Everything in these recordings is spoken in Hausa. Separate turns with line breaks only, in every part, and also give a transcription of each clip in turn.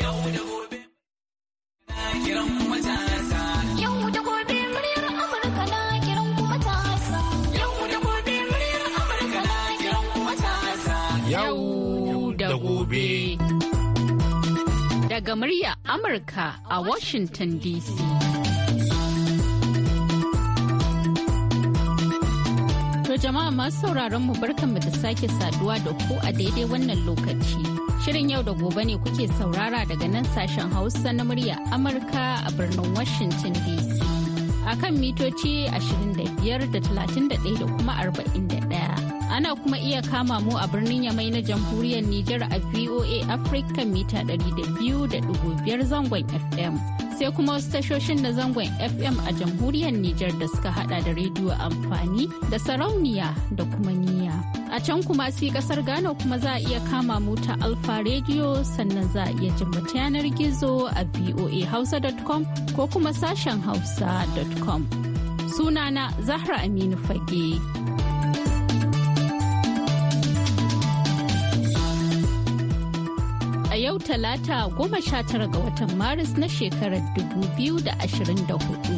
Yau muryar
Amurka Daga murya Amurka a Washington DC. To jama'a masu sauraron mu barkan mu da sake saduwa da ku a daidai wannan lokaci. Shirin yau da gobe ne kuke saurara daga nan sashen Hausa na murya Amurka a birnin Washington DC. A kan mitoci 25 da 31 da kuma 41. ana kuma iya kama mu a birnin yamai na jamhuriyar Nijar a VOA Africa mita 200.5 zangon FM. Sai kuma wasu tashoshin na zangon FM a jamhuriyar Nijar da suka hada da rediyo amfani da sarauniya da kuma niyya. A can kuma si kasar Ghana kuma za a iya kama mu Alfa Radio sannan za a iya jin ta yanar gizo a voahausa.com ko kuma sashen hausa.com. Sunana Zahra Aminu Fage. A yau talata goma sha tara ga watan Maris na shekarar 2024.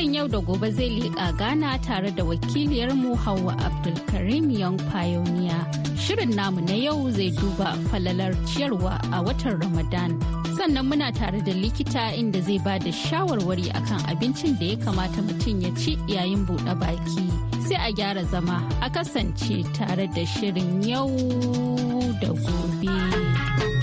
Shirin yau da gobe zai liƙa Ghana tare da wakiliyarmu Hauwa Abdulkarim Young Pioneer. Shirin namu na yau zai duba falalar ciyarwa a watan Ramadan. Sannan muna tare da likita inda zai ba da shawarwari akan abincin da ya kamata mutum ya ci yayin buɗe baki. Sai a gyara zama a kasance tare da shirin yau da gobe.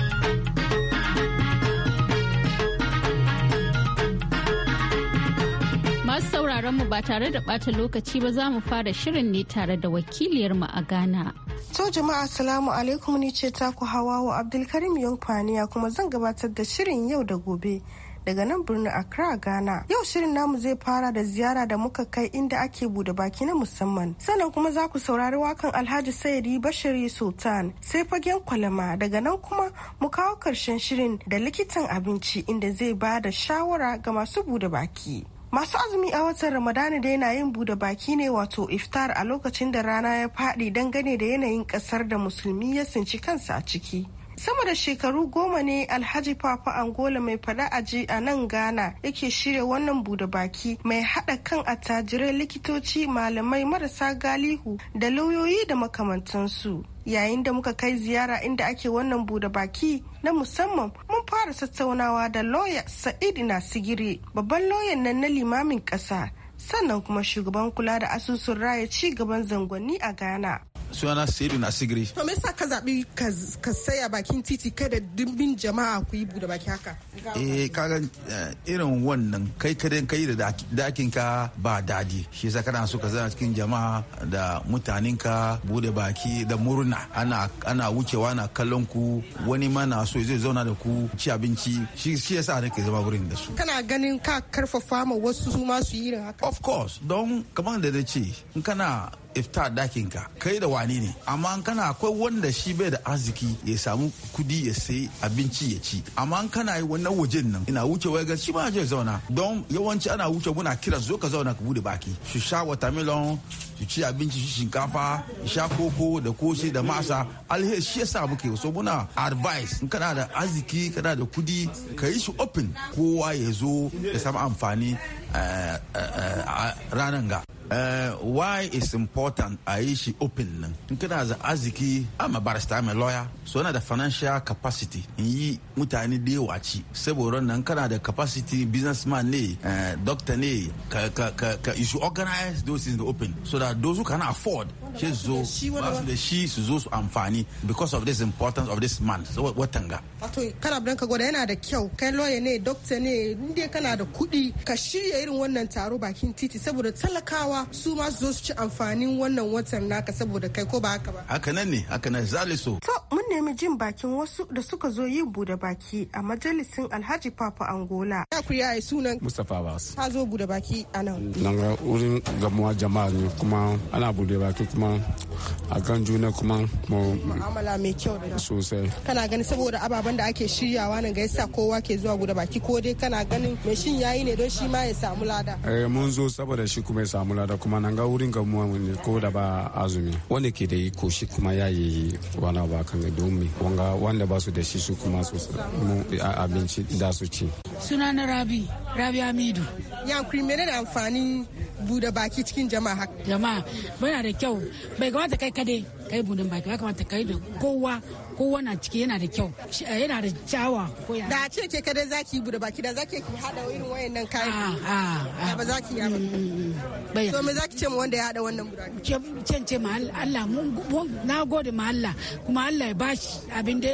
Masu sauraron mu ba tare da ɓata lokaci ba za mu fara shirin ne tare da wakiliyar mu a Ghana. To jama'a salamu
alaikum ni ce ta taku wa Abdulkarim Yonkwaniya kuma zan gabatar da shirin yau da gobe. daga nan birnin Accra Ghana. Yau shirin namu zai fara da ziyara da muka kai inda ake bude baki na musamman. Sannan kuma za ku saurari wakan Alhaji Sayari Bashiri Sultan sai fagen kwalama daga nan kuma mu kawo karshen shirin da likitan abinci inda zai ba da shawara ga masu bude baki. Masu azumi a watan Ramadana da yana yin bude baki ne wato iftar a lokacin da rana ya faɗi dangane da yanayin ƙasar da musulmi ya tsinci kansa a ciki. sama da shekaru goma ne alhaji papa angola mai fada aji a nan ghana yake shirya wannan bude baki mai hada kan attajirai likitoci malamai marasa galihu da lauyoyi da makamantansu yayin da muka kai ziyara inda ake wannan bude baki na musamman mun fara tattaunawa da lauya sa'id sigiri babban lauyan nan na limamin kasa sannan kuma shugaban kula da asusun raya ci gaban zangonni a ghana
sunana Saidu na Sigiri.
To me yasa ka zaɓi ka saya bakin titi kada dimbin jama'a ku yi bude baki haka?
Eh kaga eh, irin wannan kai kadan kai da dakin ka ba dadi. Shi yasa kana so ka zana cikin jama'a da mutanen ka bude baki da murna ana ana wucewa na kallon ku wani ma na so zai zauna da ku ci abinci shi shi yasa nake zama wurin da su.
Kana ganin ka karfafa ma wasu su ma su yi irin haka?
Of course don kamar da na ce in kana ifta dakin ka kai da wani ne amma an kana akwai wanda shi bai da arziki ya samu kudi ya sai abinci ya ci amma an kana yi wannan wajen nan ina wuce ga shi ma je zauna don yawanci ana wuce muna kira zo ka zauna ka bude baki su sha watermelon su ci abinci shi shinkafa sha koko da koshi da masa alheri shi yasa muke so muna advice in kana da arziki kana da kudi ka yi shi open kowa ya zo ya samu amfani eh, eh, eh, ranar ga Eh, why is important a yi shi open nan in kana za arziki I'm a barrister I'm a lawyer so yana da financial capacity in yi mutane da yawa ci saboda nan kana da capacity businessman ne eh, doctor ne ka ka ka, ka you organize those things open so that those who can afford shi zo su da shi su zo su amfani because of this importance of this man so watan ga
wato kana don ka gwada yana da kyau kai lawyer ne doctor ne inda kana da kuɗi ka shirya irin wannan taro bakin titi saboda talakawa su ma su zo su ci amfanin wannan watan naka saboda kai ko ba haka ba
haka nan ne haka nan zaliso
to mun nemi jin bakin wasu da suka zo yin bude baki a majalisin Alhaji Papa Angola ya ku yaye sunan mustapha Bas ka zo bude baki a nan nan
ga wurin gamuwa jama'a ne kuma ana bude baki kuma a kan juna kuma mu'amala mai kyau sosai
kana gani saboda ababen da ake shiryawa nan ga yasa kowa ke zuwa guda baki ko dai kana ganin mai shin yayi ne don shi ma ya samu lada
eh mun zo saboda shi kuma ya samu lada kuma nan ga wurin ga mu ne ko da ba azumi wanda ke da iko shi kuma yayi wani ba kan ga domin wanga wanda ba su da shi su kuma su abinci da su ci
sunana rabi Rabia Midu. Ya kuri menene amfanin bude baki cikin jama'a? Jama'a bana da kyau bai kamata kai kadai kai bunin baki ya kamata kai da kowa kowa na ciki yana da kyau eh, yana da kyawa da ce ke kada za yi bude baki da zaki ki hada irin wayannan kayan ah, ah, ah. a ba zaki ya ba mm, mm, mm. so me za ki ce mu wanda ya hada wannan budaki ce ce ma Allah mun na gode ma Allah kuma Allah ya bashi abin da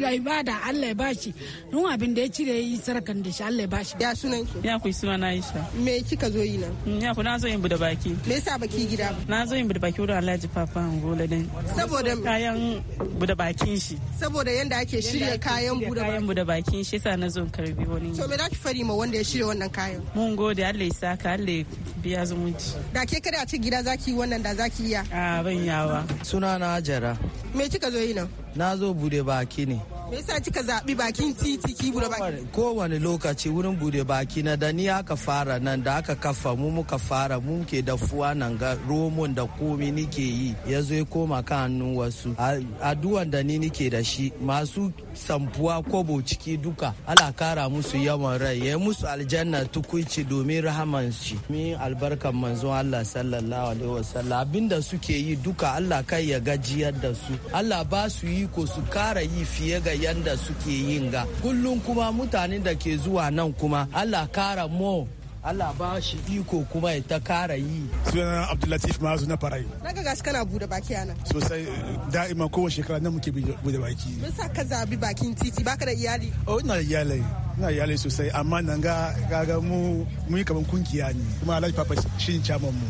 ya ibada Allah ya bashi don abin da ya cire yi sarakan da shi Allah ya bashi ya sunan ki ya ku suna na Aisha me kika zo yi nan ya ku na zo yin bude baki me yasa baki gida na zo yin bude baki wurin Alhaji Papa gole din saboda kayan bude bakin shi saboda yanda ake shirya kayan bude kayan bakin shi sa na zon karbi wani to me zaki fari ma wanda ya shirya wannan kayan mun gode Allah ya saka Allah biya zumunci da ke kada a ci gida zaki wannan da zaki iya a ban yawa
suna na jara
me kika zo yi nan
na zo bude baki ne me yasa kika zabi bakin titi ki bude baki kowane lokaci wurin bude baki na da ni aka fara nan da aka kafa mu muka fara mu ke da fuwa nan ga romon da komi nike yi ya zo ya koma kan hannun wasu addu'an da ni nike da shi masu samfuwa kobo ciki duka ala kara musu yawan rai ya musu aljanna tukuici domin rahaman shi mi albarkan manzon Allah sallallahu alaihi wasallam abinda suke yi duka Allah kai ya gajiyar da su Allah ba su yi ko su kara yi fiye ga yanda suke yin ga kullum kuma mutanen da ke zuwa
nan kuma allah kara mo Allah ba shi iko kuma ya ta kara yi. Sunan Abdullatif Mazu na Farai.
Na ga gashi kana bude baki a nan.
Sosai da'ima kowace shekara nan muke bude baki. Mun
sa ka zabi bakin titi baka da iyali.
Oh ina da iyalai. na iyalai sosai amma nan ga gaga mu mu kaman kungiya ne kuma alhaji papa shi ne chairman mu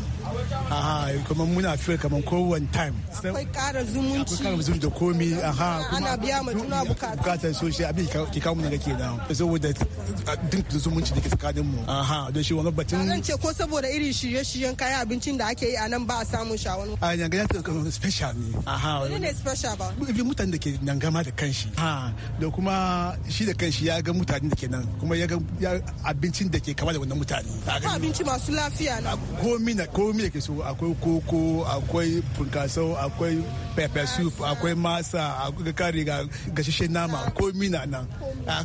aha kuma muna feel kaman kowane time akwai
kara zumunci akwai kara zumunci
da komi aha ana biya ma tuna bukata bukatar sosai abin ki kawo mun ga kenan saboda duk da zumunci da ke tsakanin mu aha don shi wani batun an
ce ko saboda irin shirye-shiryen kayan abincin da ake yi a nan ba a samun shawon
a yanga ya ta kaman special ne aha wani ne special ba ibi mutanen da ke nan gama da kanshi ha da kuma shi da kanshi ya ga mutanen kenan kuma ya ga abincin da ke kama da wannan mutane abinci masu lafiya na komi na komi da ke so akwai koko akwai funkasau akwai pepper soup akwai masa akwai kare ga gashashe nama komi na nan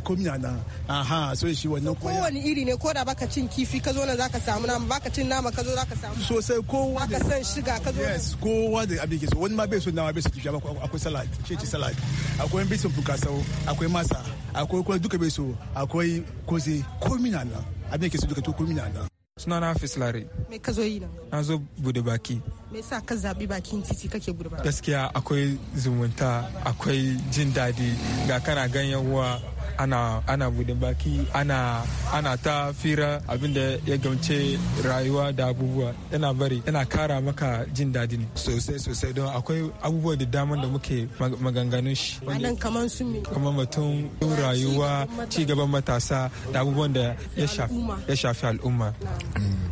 komi ah, na nan aha so shi wannan
kowane iri ne ko da baka cin kifi ka zo nan zaka samu nama baka cin nama ka zo zaka
samu sosai kowa da san shiga ka zo yes kowa da abin ke so wani ma bai so nama bai so kifi akwai salad ce salad akwai bisin funkasau akwai masa akwai kuma duka bai so akwai koze komi na nan abin ke su duka to komi na nan suna na Hafiz Lare. Me ka zo yi nan? Na zo
bude baki.
Me sa ka zabi bakin titi kake bude baki?
Gaskiya akwai zumunta,
akwai jin daɗi, ga kana ganyen uwa ana ana gudun baki ana ana ta fira abinda ya gamce rayuwa da abubuwa yana bari yana kara maka jin daɗi sosai sosai don akwai abubuwa da dama da muke maganganun shi kamar
kaman su me
kaman batun rayuwa ci gaban matasa da abubuwan
da ya shafi al'umma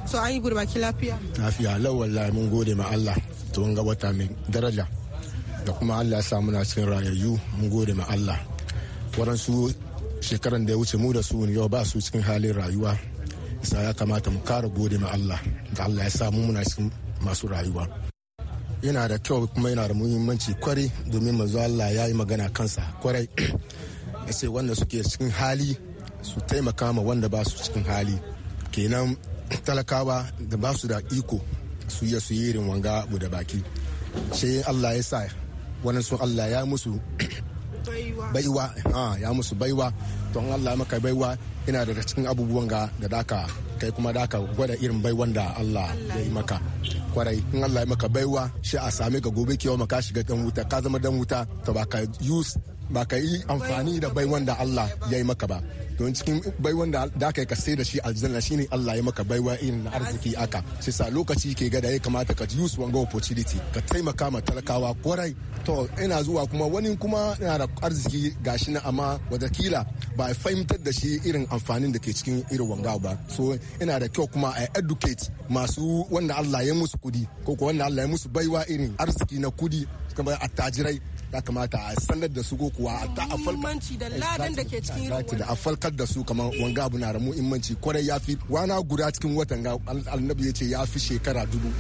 so an yi gurbaki lafiya
lafiya lawalla mun gode ma Allah to ga wata mai daraja da kuma Allah ya sa muna cikin rayayyu mun gode ma Allah waɗansu shekaran da ya wuce mu da su yau ba su cikin halin rayuwa sa ya kamata mu kara gode ma Allah da Allah ya sa mu muna cikin masu rayuwa yana da kyau kuma yana da muhimmanci kwarai domin mazu Allah ya yi magana kansa kwarai ya ce wanda suke cikin hali su taimaka ma wanda ba su cikin hali kenan talakawa da ba su da iko su yi su yi irin wanga da baki sai Allah ya sa wani sun Allah ya musu baiwa ah, ya musu baiwa don Allah maka baiwa ina daga cikin abubuwan ga da daka kai kuma daka gwada irin baiwan da Allah ya yi maka kwarai in Allah ya maka baiwa shi a same ga gobe kewa maka shiga dan wuta ka zama dan wuta to ba use ba ka yi amfani da baiwan da Allah ya yi maka ba don cikin baiwan da aka yi ka sai da shi aljanna shine Allah ya maka baiwa irin na arziki aka sai sa lokaci ke ga da ya kamata ka use wanga opportunity ka taimaka ma talakawa kwarai to ina zuwa kuma wani kuma yana da arziki gashi na amma kila ba a fahimtar da shi irin amfanin da ke cikin irin wanga ba so ina da kyau kuma a educate masu wanda Allah ya musu kudi ko ko wanda Allah ya musu baiwa irin arziki na kudi kamar attajirai ya kamata a sanar da su ko kuwa a ta afalka da ladan da ke cikin da afalkar da su kamar wanga abu na da muhimmanci kwarai ya fi wana guda cikin watan ga annabi ya ce ya fi shekara dubu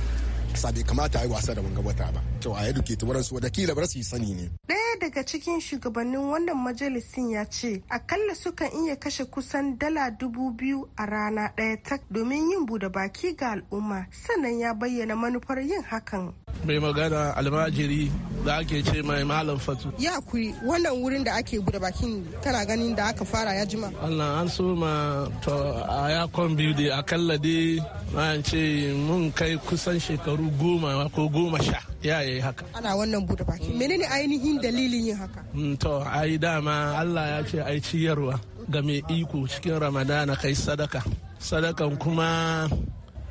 sa bai kamata a yi wasa da wanga wata ba to a yadda ke tubaran su wadakila ba su yi sani ne
ɗaya daga cikin shugabannin wannan majalisin ya ce akalla sukan iya kashe kusan dala dubu biyu a rana ɗaya tak domin yin bude baki ga al'umma sannan ya bayyana manufar yin hakan
mai magana almajiri da ake ce mai malam fatu.
Ya kuri wannan wurin da ake guda bakin kana ganin da aka fara ya jima.
Allah an so ma to a ya kon biyu da akalla dai an ce mun kai kusan shekaru goma ko goma sha ya yi haka.
Ana wannan buɗe baki. Menene ainihin dalilin yin haka?
Mm, to ai dama Allah ya ce ai ciyarwa ga mai iko cikin Ramadana kai sadaka. Sadakan kuma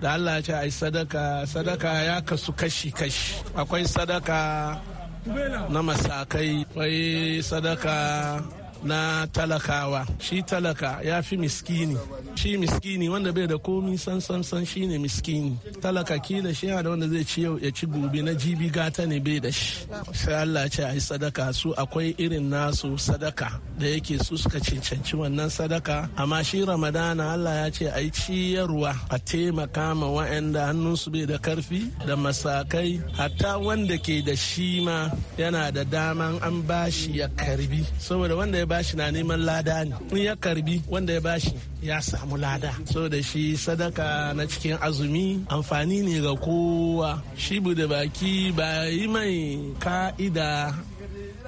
da Allah ya ce ai sadaka sadaka ya kasu kashi kashi akwai sadaka na masakai akwai sadaka na talakawa shi talaka ya fi miskini shi miskini wanda bai da komi san san san shi ne miskini talaka kila shi da wanda zai ci yau ya ci gobe na jibi gata ne bai da shi sai Allah ce a yi sadaka su akwai irin nasu sadaka da yake su suka cancanci wannan sadaka amma shi ramadana Allah ya ce a yi ciyarwa a taimaka ma wa'anda hannunsu bai da karfi da masakai hatta wanda ke da shi ma yana da daman an bashi ya karbi saboda wanda bashi na neman lada ne in ya karbi wanda ya bashi ya samu lada so da shi sadaka na cikin azumi amfani ne ga kowa shi bude baki ba yi mai ka'ida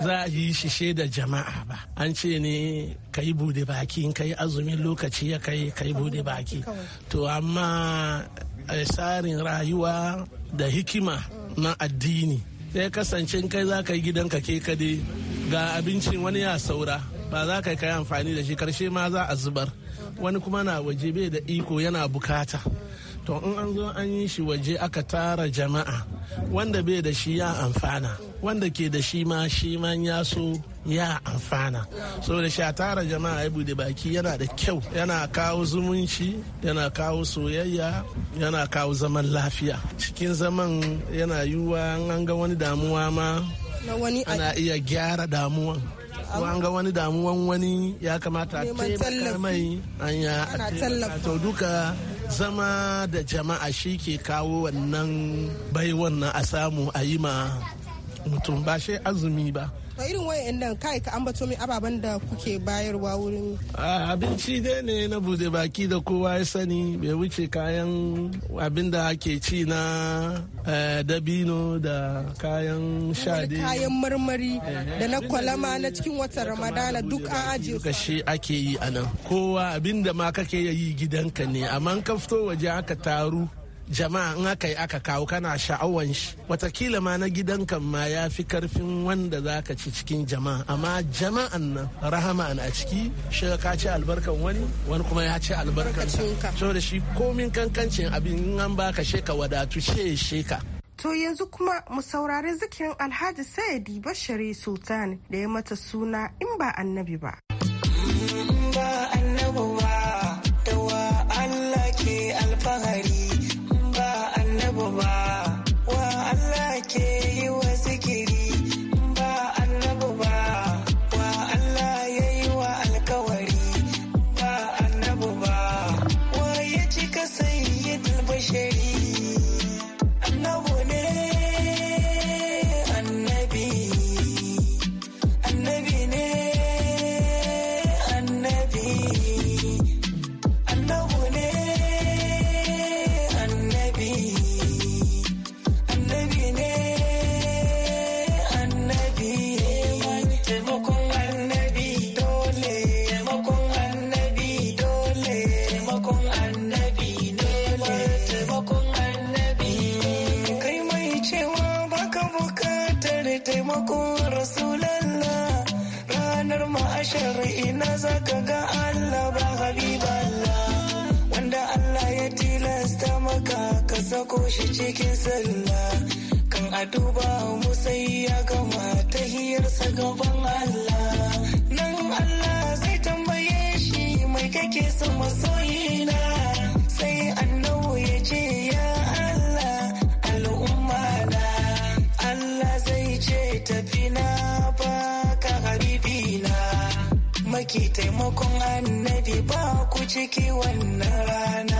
za a yi shishe da jama'a ba an ce ne ka yi bude baki in ka yi azumin lokaci ya kai ka yi bude baki to amma eh, tsarin rayuwa da hikima na addini sai kasance kai za ka yi gidanka ke kade ga abincin wani ya saura ba za ka kai amfani da shi karshe ma za a zubar wani kuma na waje bai da iko yana bukata to in an zo an yi shi waje aka tara jama'a wanda bai da shi ya amfana wanda ke da shi ma shi ma ya so ya amfana saboda shi a tara jama'a ya bude baki yana da kyau yana kawo zumunci yana kawo soyayya yana kawo zaman lafiya cikin zaman yana yiwuwa an ga wani damuwa ma na ana iya gyara damuwan an ga wani damuwan wani ya kamata a mai anya a to duka zama da jama'a shi ke kawo wannan baiwan na a samu a yi ma mutum ba shi azumi ba
to irin wayan nan kai ka ambato min ababen da kuke bayarwa wurin
abinci dai ne na bude baki da kowa ya sani bai wuce kayan abin da ake ci na eh, dabino da kayan shade kayan
marmari eh. da na kwalama na cikin watan ramadana
duk an ajiye ka ake yi a kowa abin da ma kake yi gidanka ne amma ka fito waje aka taru jama'a in aka yi aka kawo kana sha'awan shi watakila ma na gidan kan ma ya fi karfin wanda za ka ci cikin jama'a amma jama'an nan rahama a ciki shi ka ci albarkan wani wani kuma ya ci albarkan da shi komin kankancin abin in an baka sheka wadatu she sheka
To yanzu kuma mu saurari zikirin Alhaji Sayyidi Bashari Sultan da ya mata suna in ba annabi ba.
koshi shi cikin sallah kan a duba mu sai ya gama ta hiyarsa gaban Allah nan Allah zai tambaye shi mai kake son masoyina sai annabu ya ce ya Allah al'umma na Allah zai ce tafi na baka na. maki taimakon annabi ba ku ciki wannan rana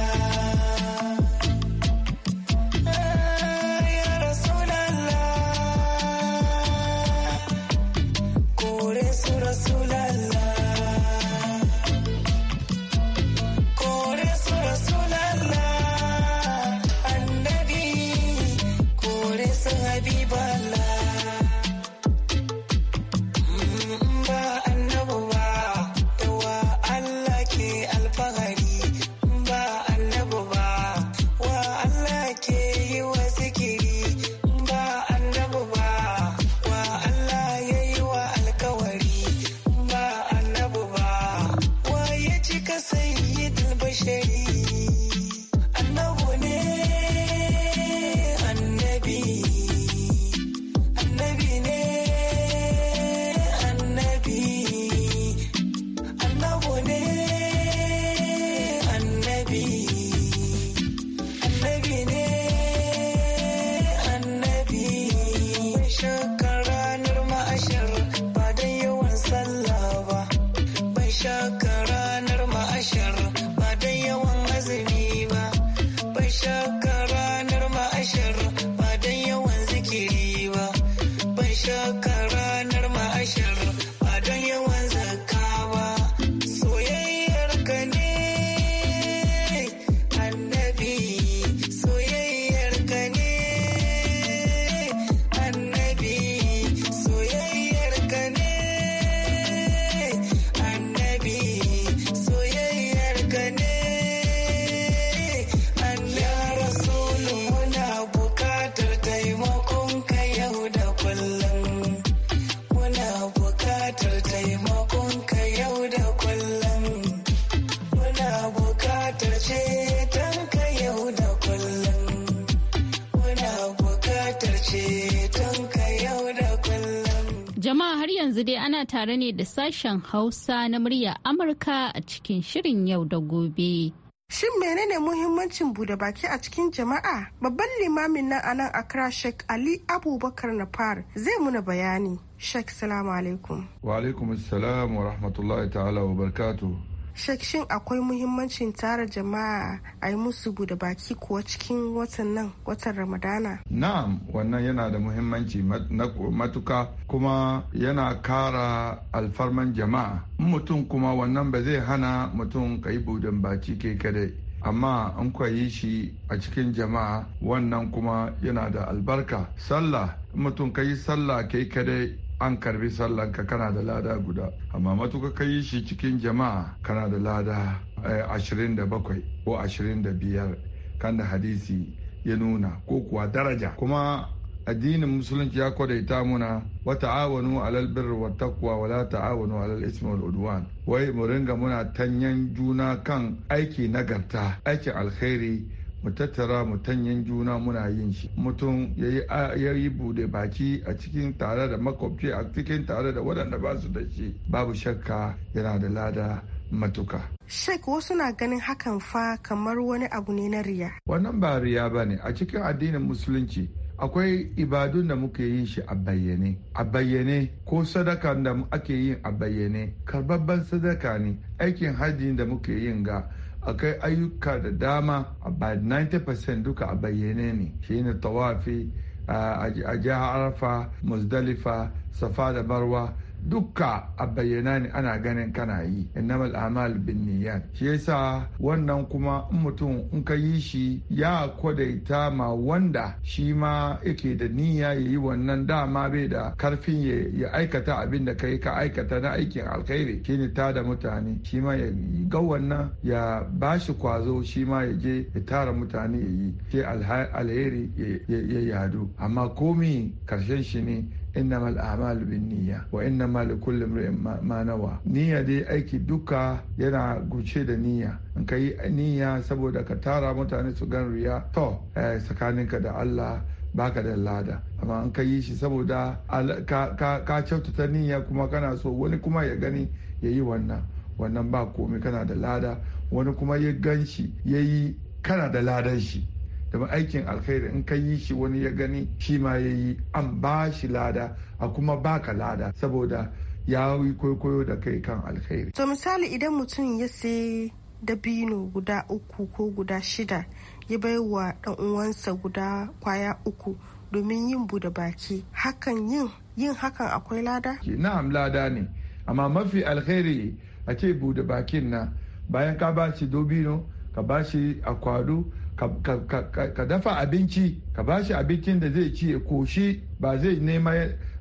Jama'a har yanzu dai ana tare ne da sashen Hausa na murya Amurka a cikin shirin yau da gobe.
Shin menene muhimmancin bude baki a cikin jama'a? Babban limamin nan anan Accra Sheikh Ali Abubakar Nafar zai muna bayani. Sheikh salamu alaikum.
Wa alaikum assalam wa rahmatullahi ta'ala wa barakatuh
shakshin akwai muhimmancin tara jama'a a yi musu buɗe baki kuwa cikin watan nan watan ramadana
na'am wannan yana da muhimmanci na matuka kuma yana kara alfarman jama'a mutum kuma wannan ba zai hana mutum ka yi budan baki ke kadai amma an kwayi shi a cikin jama'a wannan kuma yana da albarka sallah mutum ka yi sallah kai kadai an karbi ka kana da lada guda amma matuka ka yi shi cikin jama'a kana da lada eh, ashirin da bakwai ko ashirin da biyar kan da hadisi ya nuna ko kuwa daraja kuma addinin musulunci ya kwadaita muna wa ta'awanu alal birri wa taqwa wa la ta'awanu alal ismi wal wai mu ringa muna tanyan juna kan aiki nagarta aikin alkhairi mu tattara mu tanyan juna muna yin shi mutum ya yi bude baki a cikin tare da makwabci a cikin tare da waɗanda ba su da shi babu shakka yana da lada matuka.
Sheikh wasu na ganin hakan fa kamar wani abu ne na riya.
Wannan ba riya ba ne a cikin addinin musulunci akwai ibadun da muke yin shi a bayyane. A bayyane ko sadaka da ake yin a bayyane karbabban sadaka ne aikin hajji da muke yin ga akai ayyuka da dama about 90% duka a bayyane ne shine tawafi a jihar arafa musdalifa safa da barwa dukka a bayyana ne ana ganin kana yi innamal amal bin niyyat shi yasa wannan kuma in mutum in ka yi shi ya kwadaita ma wanda shi ma yake da niyya ya yi wannan dama bai da karfin ya aikata abin da kai ka aikata na aikin alkhairi ne ta da mutane shi ma ya ga wannan ya ba shi kwazo shi ma ya je ya tara mutane ya yi Ke alheri ya yadu amma komi karshen shi ne innamal a'malu niyya wa innamal kullum imrin ma nawa niyya dai aiki duka yana guce da niyya in ka yi niyya saboda ka tara mutane su gan riya to tsakaninka da Allah baka da lada amma an ka yi shi saboda ka kyautata niyya kuma kana so wani kuma ya gani ya yi wannan wannan ba komai kana da lada wani kuma ya gan shi ya yi kana da ladan shi domin aikin alkhairi in ka yi shi wani ya gani shi ma ya yi an ba shi lada a kuma baka lada saboda ya yi kwaikwayo da kai kan alkhairi.
to misali idan mutum ya sai dabino guda uku ko guda shida ya bai wa ɗan uwansa guda kwaya uku domin yin bude baki hakan yin yin hakan akwai lada?
na'am lada ne amma mafi alkhairi a ce bude bakin na bayan ka ba shi dobino ka ba shi akwado ka dafa abinci ka ba shi abincin da zai ci ya koshi ba zai nema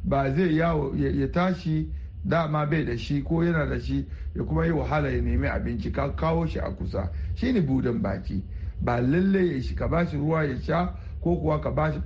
ba zai yawo ya tashi dama bai da shi ko yana da shi ya kuma yi wahala ya nemi abinci ka kawo shi a kusa shi ne budan baki ba lalle ya shi ka ba shi ruwa ya sha ko kuwa ka ba shi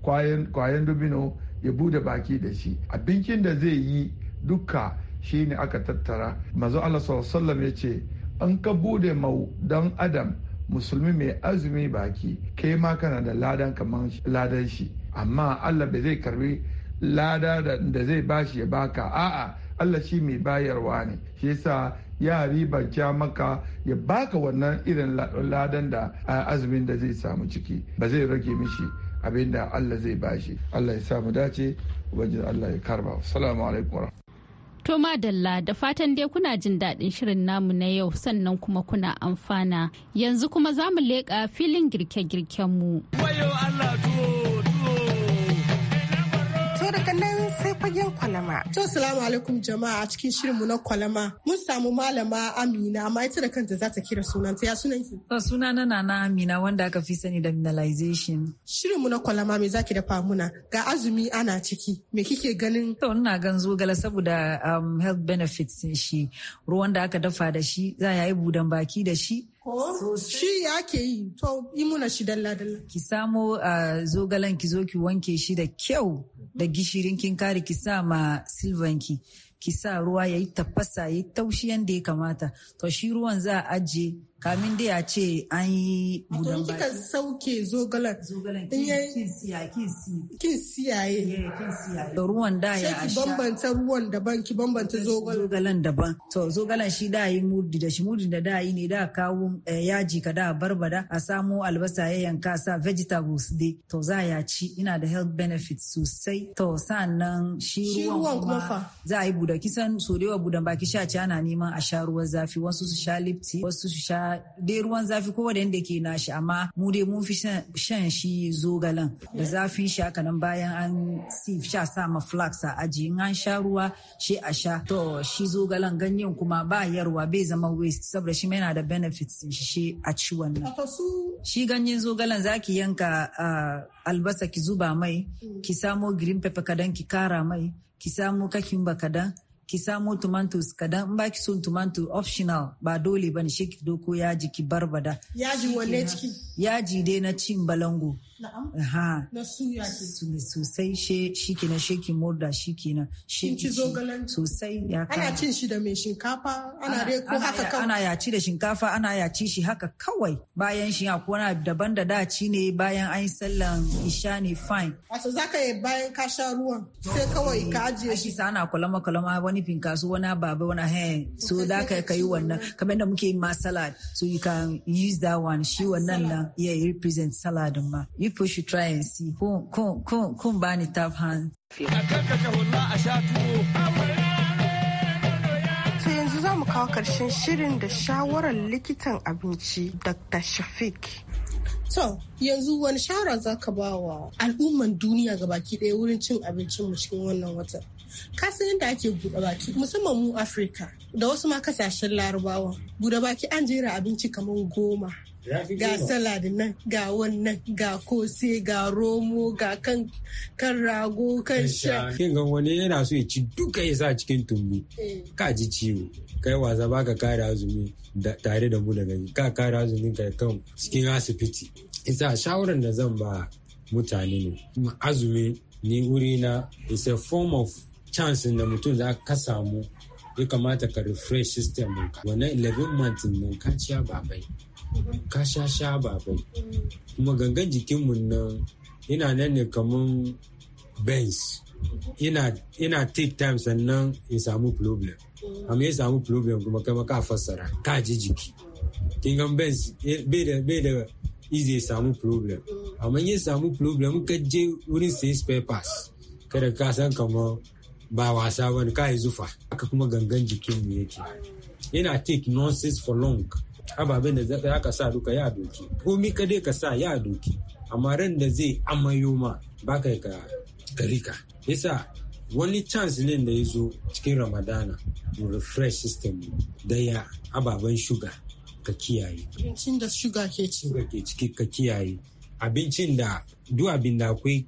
kwayan domino ya bude baki da shi abincin da zai yi duka shi ne aka tattara mazu Allah sallallahu ya ce an ka bude mau don adam musulmi mai azumi baki kai ma kana da ladan kamar ladan shi amma Allah bai zai karbi lada da zai bashi ya baka a'a Allah shi mai bayarwa ne shi yasa ya ca maka ya baka wannan irin ladan da azumin da zai samu ciki ba zai rage mishi abinda Allah zai bashi Allah ya samu dace wajen Allah ya karba salamu alaikum
To Madalla da fatan dai kuna jin daɗin shirin namu na yau sannan kuma kuna amfana. Yanzu kuma za mu leƙa filin girke-girkenmu. Wayo Allah
tuwo
tuwo. fagen kwalama. To salamu alaikum
jama'a cikin shirinmu na kwalama. Mun samu malama Amina amma ita da kanta za ta kira sunanta ya
sunan ki? Ta suna na Nana Amina wanda aka fi sani da mineralization. Shirinmu na kwalama me zaki dafa muna? Ga azumi ana ciki. Me kike ganin? To ina gan zogala saboda um, health benefits shi. Ruwan da aka dafa da shi za a yi budan baki da shi. Oh, shi ya ke yi, to yi muna shi dalla-dalla. Ki samo uh, zogalen ki zo ki wanke shi da kyau, da gishirin kin kare ki sa ma silvanki ki sa ruwa yayi tafasa yayi taushi yanda ya kamata to shi ruwan za a ajiye kamin dai a ce an yi gudan baki. kika sauke zogalan. Zogalan kin siya kin siya. Kin siyaye. Eh, kin siyaye. Ruwan da ya a sha. Ki bambanta ruwan daban ki bambanta zogalan. Zogalan daban. To zogalan shi da yi murdi da shi murdi da da yi ne da kawo eh, yaji ka da barbada a samu albasa ya yanka sa vegetables dai. To za ya ci ina da health benefits sosai. To sannan shi ruwan kuma fa. za a yi buda kisan so da yawa budan baki sha ci ana neman a sha ruwan zafi wasu su sha lipti wasu su sha da ruwan zafi ko wanda ke nashi amma mu dai mun fi shan shi zogalen da zafin shi haka nan bayan an sha sa ma flax a aji in an sha ruwa shi a sha to shi zogalen ganyen kuma ba yarwa bai zama waste saboda shi yana da benefits shi shi a ci wannan shi ganyen zogalen zaki yanka albasa ki zuba mai ki samo green pepper kadan ki kara mai ki samo kakin kadan ki samo tomatoes kadan in baki son tomato optional ba dole bane shi ki doko yaji ki barbada yaji wanne ciki yaji dai na cin balango na suya ke sosai shi kenan shi ki murda shi kenan shi ci zogalen sosai
ya ana cin shi da mai shinkafa ana dai ko haka kawai ana
yaci da shinkafa ana yaci shi haka kawai bayan shi akwai wani daban da da ci ne bayan an yi sallan isha ne fine wato zaka yi bayan ka sha ruwan sai kawai ka ajiye shi sa ana kwalama kwalama wani finkasu wani baba wani hen so zaka ka yi wannan kamar da muke yi ma salad so you can use that one shi wannan na yeah represent salad ma people should try and see kun kun kun tap hand
a
yanzu za mu kawo karshen shirin da shawarar likitan abinci Dr. Shafiq. To, yanzu wani shawara za ka ba wa al'umman duniya ga baki ɗaya wurin cin abincin mu cikin wannan watan? Ka san yadda ake buɗe baki, musamman mu Afirka da wasu ma kasashen larabawa. Buɗe baki an jera abinci kamar goma.
ga salad
nan ga wannan ga kose ga romo ga kan kan rago kan sha kin
ga wani yana so ya ci duka ya sa cikin tumbu eh. ka ji ciwo kai wasa ka kare azumi tare da mu daga ka kare azumin ka kan cikin asibiti isa shawaran da zan ba mutane ne azumi ni wuri na is a form of chance da mutum za ka samu ya kamata ka refresh system ɗinka wannan 11 months ɗin ka ciya babai ka sha sha ba bai kuma gangan jikinmu nan yana nan ne kamar benz yana take time sannan ya samu problem amma ya samu problem kuma kai ka fassara ka ji jiki kin ga benz eh, bai da izi da easy ya samu problem amma ya samu problem ka je wurin sai spare parts kada ka san kamar ba wasa bane ka yi zufa haka kuma gangan jikinmu yake yana take nonsense for long ababen da za ka sa duka ya doki komi ka dai ka sa ya doki amma ran da zai amayo ma ba ka ka rika yasa wani chance ne da ya zo cikin ramadana mu refresh system daya ababen shuga ka kiyaye abincin da shuga ke ciki ka kiyaye abincin da duk abin da akwai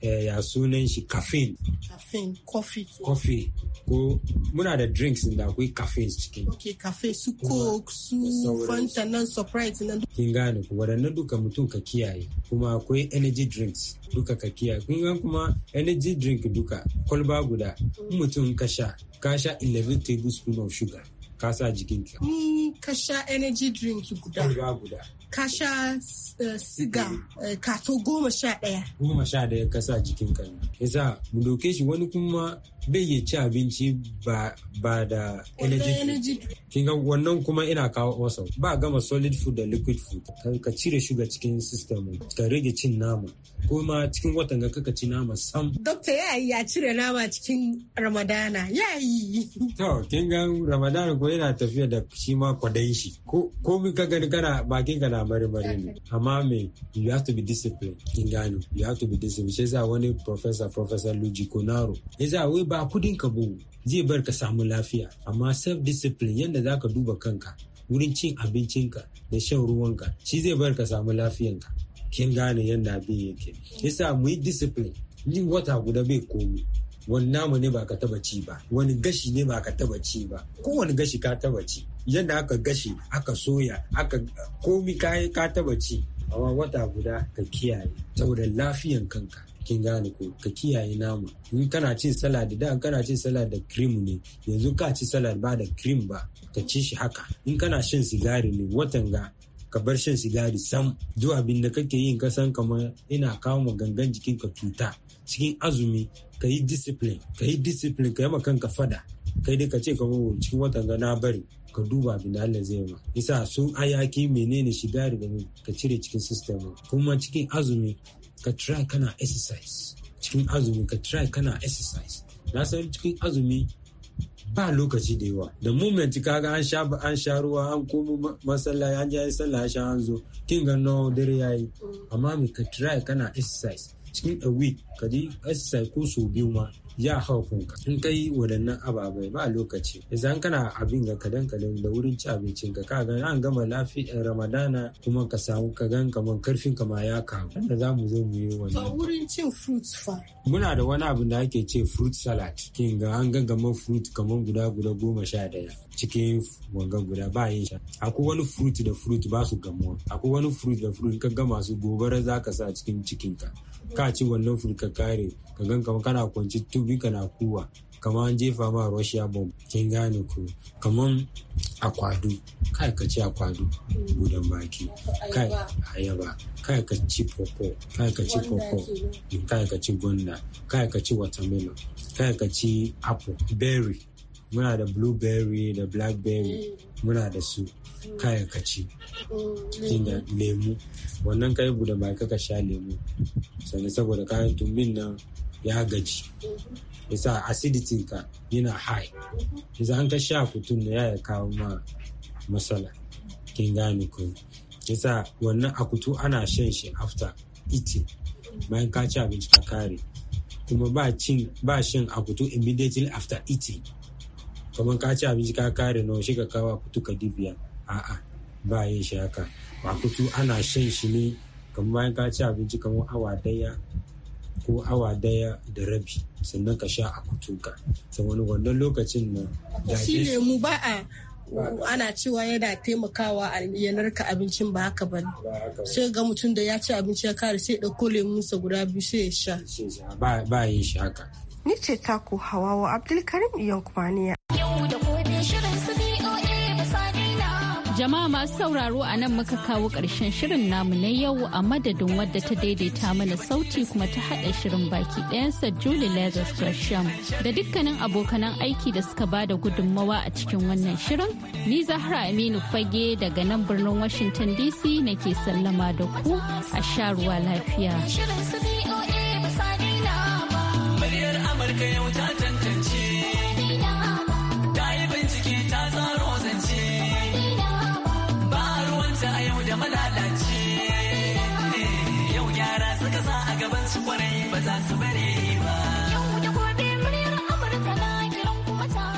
Eh, ya sunan shi caffeine
caffeine coffee
coffee ko muna da drinks da akwai caffeine cikin
okay caffeine su coke su fanta nan surprise nan
kin gane ku waɗannan duka mutum ka kiyaye kuma akwai energy drinks duka ka kiyaye kun gan kuma energy drink duka kwalba guda mutum ka sha ka sha 11 tablespoon of sugar ka sa jikinka.
Mm, ka sha energy drink guda. Kwalba guda. ka sha eh, siga eh, kato goma sha ɗaya.
Goma sha ɗaya ka sa jikin ka. sa mu doke shi wani kuma bai yi ci abinci ba da energy kinga wannan kuma ina kawo masa ba gama solid food da liquid food ka cire shuga cikin system ka rage cin nama kuma cikin watan ga kaka ci nama sam
dokta ya yi ya cire nama cikin ramadana ya yi
to kinga ramadana ko yana tafiya da shi ma kwadan shi ko mi ka gani kana bakin ka na marmari ne amma me you have to be disciplined kinga you have to be disciplined shi yasa wani professor professor Luigi Conaro yasa wai ba ba kudin ka bo zai bar ka samu lafiya amma self discipline yadda za ka duba kanka wurin cin abincinka da shan ruwanka shi zai bar ka samu lafiyan ka kin gane yadda abin yake yasa mu yi discipline yin wata guda bai komi wani namu ne ba ka taba ci ba wani gashi ne ba ka taba ci ba kowane gashi ka taba ci yadda aka gashi aka soya aka komi ka taba ci amma wata guda ka kiyaye saboda lafiyan kanka kin gane ko ka kiyaye namu in kana cin salad da kana cin salad da cream ne yanzu ka ci salad ba da cream ba ka ci shi haka in kana shan sigari ne watan ga ka bar shan sigari sam duk abin da kake yin ka san kamar ina kawo ma gangan jikin ka cuta cikin azumi ka yi discipline ka yi discipline ka yi kanka fada kai dai ka ce kamar oh, cikin watan ga na bari ka duba abin da Allah zai ma isa sun ayaki menene shiga daga ka cire cikin system kuma cikin azumi ka try kana exercise cikin azumi ka try kana exercise na san cikin azumi ba lokaci da yawa da moment kaga an sha an sha ruwa an komo masallaci an je sallah sha an zo kin ga no dare yayi amma me ka try kana exercise cikin a week ka di exercise ko so biyu ma ya hauhunka in kai waɗannan ababai ba lokaci idan kana abin ga kadan kadan da wurin ci abincin ka ka ga an gama lafiya ramadana kuma ka samu ka gan kaman karfin ka ma ya kawo da za mu zo mu yi wani. ba
wurin cin fruit fa.
muna da wani abu da ake ce fruit salad kin ga an gaggama fruit kaman guda guda goma sha daya cikin wanga guda ba yin sha akwai wani fruit da fruit ba su gamuwa akwai wani fruit da fruit ka gama su gobara za ka sa cikin cikinka ka ci wannan fruit ka kare ka gan kaman kana kwanci tun takobinka na kuwa kamar an jefa ma russia bomb kin gane ku kamar akwado kai ka ci a akwado budan baki kai ayaba kai ka ci popo kai ka ci popo kai ka ci gwanda kai ka ci watermelon kai ka ci apple berry muna da blueberry da blackberry mm. muna da su mm. k'a ci
mm. inda
lemu wannan kai buɗe baki ka sha lemu sannan saboda kayan tumbin nan ya gaji sa acidity ka yana high yasa an ka sha kutun da ya kawo ma matsala kin gane ko yasa wannan akutu ana shan shi after eating bayan ka ci abinci ka kare kuma ba cin ba shan akutu immediately after eating kamar ka ci abinci ka kare nawa shi ka kawo akutu ka dibiya a'a ba yin shi haka akutu ana shan shi ne kamar bayan ka ci abinci kamar awa daya ko awa daya da rabi sannan ka sha a kutuka saboda wannan lokacin na shi lemu
ba a ana cewa yana taimakawa a yanarka abincin ba haka ba sai ga mutum da ya ci abinci ya kare sai ɗauko lemunsa guda biyu sai ya sha
ba yin shi haka
ni ce taku hawawa abdulkarim yankumaniya
Jama'a masu sauraro a nan muka kawo ƙarshen shirin namu na yau a madadin wadda ta daidaita mana sauti kuma ta haɗa shirin baki ɗayansa Julie Lazarus Gresham da dukkanin abokanan aiki da suka ba da gudummawa a cikin wannan shirin. Ni Zahra Aminu Fage daga nan birnin Washington DC nake sallama da ku a sharuwa ruwa lafiya.
Amurka